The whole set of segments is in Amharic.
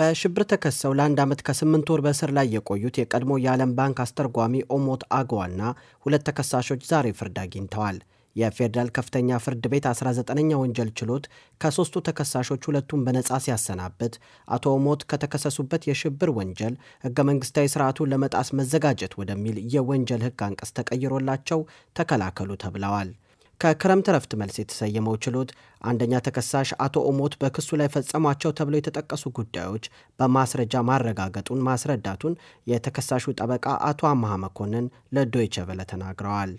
በሽብር ተከሰው ለአንድ ዓመት ከስምንት ወር በእስር ላይ የቆዩት የቀድሞ የዓለም ባንክ አስተርጓሚ ኦሞት አግዋና ሁለት ተከሳሾች ዛሬ ፍርድ አግኝተዋል። የፌዴራል ከፍተኛ ፍርድ ቤት 19ኛ ወንጀል ችሎት ከሦስቱ ተከሳሾች ሁለቱን በነፃ ሲያሰናብት አቶ ኦሞት ከተከሰሱበት የሽብር ወንጀል ሕገ መንግሥታዊ ስርዓቱን ለመጣስ መዘጋጀት ወደሚል የወንጀል ሕግ አንቀጽ ተቀይሮላቸው ተከላከሉ ተብለዋል። ከክረምት ረፍት መልስ የተሰየመው ችሎት አንደኛ ተከሳሽ አቶ ኦሞት በክሱ ላይ ፈጸሟቸው ተብለው የተጠቀሱ ጉዳዮች በማስረጃ ማረጋገጡን ማስረዳቱን የተከሳሹ ጠበቃ አቶ አመሃ መኮንን ለዶይቸ ቬለ ተናግረዋል።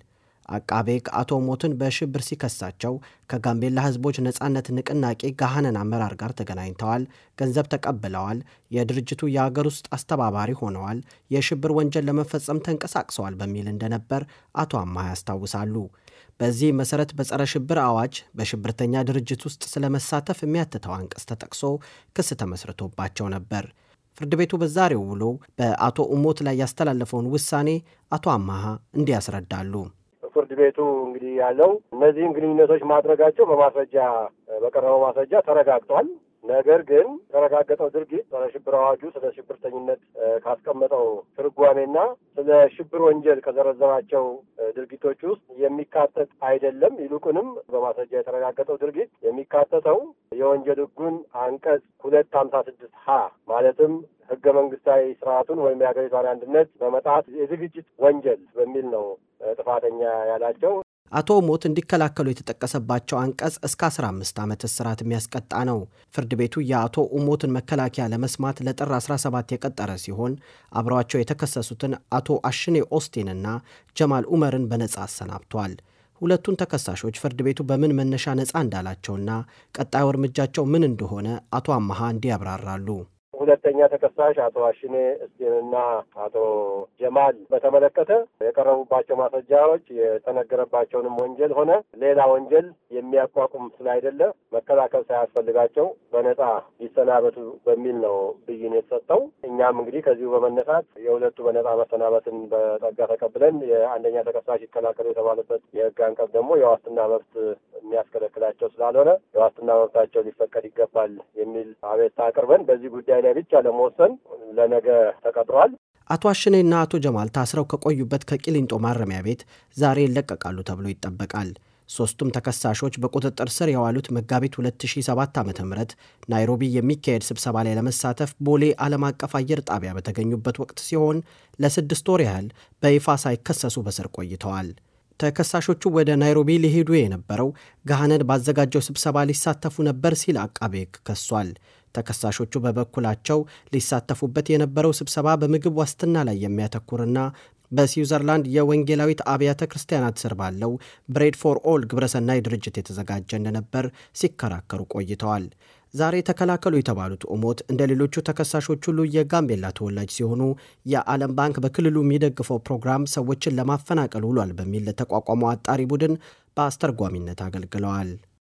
አቃቤ ሕግ አቶ ሞትን በሽብር ሲከሳቸው ከጋምቤላ ሕዝቦች ነጻነት ንቅናቄ ጋህነን አመራር ጋር ተገናኝተዋል፣ ገንዘብ ተቀብለዋል፣ የድርጅቱ የአገር ውስጥ አስተባባሪ ሆነዋል፣ የሽብር ወንጀል ለመፈጸም ተንቀሳቅሰዋል በሚል እንደነበር አቶ አማ ያስታውሳሉ። በዚህ መሰረት በጸረ ሽብር አዋጅ በሽብርተኛ ድርጅት ውስጥ ስለመሳተፍ የሚያትተው አንቀጽ ተጠቅሶ ክስ ተመስርቶባቸው ነበር። ፍርድ ቤቱ በዛሬው ውሎ በአቶ ኡሞት ላይ ያስተላለፈውን ውሳኔ አቶ አማሃ እንዲያስረዳሉ። ቤቱ እንግዲህ ያለው እነዚህን ግንኙነቶች ማድረጋቸው በማስረጃ በቀረበው ማስረጃ ተረጋግጧል። ነገር ግን የተረጋገጠው ድርጊት ጸረ ሽብር አዋጁ ስለ ሽብርተኝነት ካስቀመጠው ትርጓሜና ስለ ሽብር ወንጀል ከዘረዘራቸው ድርጊቶች ውስጥ የሚካተት አይደለም። ይልቁንም በማስረጃ የተረጋገጠው ድርጊት የሚካተተው የወንጀል ሕጉን አንቀጽ ሁለት ሀምሳ ስድስት ሀ ማለትም ህገ መንግስታዊ ስርዓቱን ወይም የሀገሪቷን አንድነት በመጣት የዝግጅት ወንጀል በሚል ነው ጥፋተኛ ያላቸው። አቶ ሞት እንዲከላከሉ የተጠቀሰባቸው አንቀጽ እስከ 15 ዓመት እስራት የሚያስቀጣ ነው። ፍርድ ቤቱ የአቶ ሞትን መከላከያ ለመስማት ለጥር 17 የቀጠረ ሲሆን አብረዋቸው የተከሰሱትን አቶ አሽኔ ኦስቲንና ጀማል ኡመርን በነጻ አሰናብቷል። ሁለቱን ተከሳሾች ፍርድ ቤቱ በምን መነሻ ነጻ እንዳላቸውና ቀጣዩ እርምጃቸው ምን እንደሆነ አቶ አመሃ እንዲያብራራሉ? ሁለተኛ ተከሳሽ አቶ አሽኔ እስቴንና አቶ ጀማል በተመለከተ የቀረቡባቸው ማስረጃዎች የተነገረባቸውንም ወንጀል ሆነ ሌላ ወንጀል የሚያቋቁም ስላይደለ መከላከል ሳያስፈልጋቸው በነጻ ይሰናበቱ በሚል ነው ብይን የተሰጠው። እኛም እንግዲህ ከዚሁ በመነሳት የሁለቱ በነጻ መሰናበትን በጸጋ ተቀብለን የአንደኛ ተከሳሽ ይከላከሉ የተባለበት የህግ አንቀጽ ደግሞ የዋስትና መብት የሚያስከለክላቸው ስላልሆነ የዋስትና መብታቸው ሊፈቀድ ይገባል የሚል አቤቱታ አቅርበን በዚህ ጉዳይ ላይ ብቻ ለመወሰን ለነገ ተቀጥሯል። አቶ አሽኔና አቶ ጀማል ታስረው ከቆዩበት ከቂሊንጦ ማረሚያ ቤት ዛሬ ይለቀቃሉ ተብሎ ይጠበቃል። ሦስቱም ተከሳሾች በቁጥጥር ስር የዋሉት መጋቢት 2007 ዓ ም ናይሮቢ የሚካሄድ ስብሰባ ላይ ለመሳተፍ ቦሌ ዓለም አቀፍ አየር ጣቢያ በተገኙበት ወቅት ሲሆን ለስድስት ወር ያህል በይፋ ሳይከሰሱ በስር ቆይተዋል። ተከሳሾቹ ወደ ናይሮቢ ሊሄዱ የነበረው ገሃነን ባዘጋጀው ስብሰባ ሊሳተፉ ነበር ሲል አቃቤ ሕግ ከሷል። ተከሳሾቹ በበኩላቸው ሊሳተፉበት የነበረው ስብሰባ በምግብ ዋስትና ላይ የሚያተኩርና በስዊዘርላንድ የወንጌላዊት አብያተ ክርስቲያናት ስር ባለው ብሬድ ፎር ኦል ግብረሰናይ ድርጅት የተዘጋጀ እንደነበር ሲከራከሩ ቆይተዋል። ዛሬ ተከላከሉ የተባሉት ኡሞት እንደ ሌሎቹ ተከሳሾች ሁሉ የጋምቤላ ተወላጅ ሲሆኑ የዓለም ባንክ በክልሉ የሚደግፈው ፕሮግራም ሰዎችን ለማፈናቀል ውሏል በሚል ለተቋቋመው አጣሪ ቡድን በአስተርጓሚነት አገልግለዋል።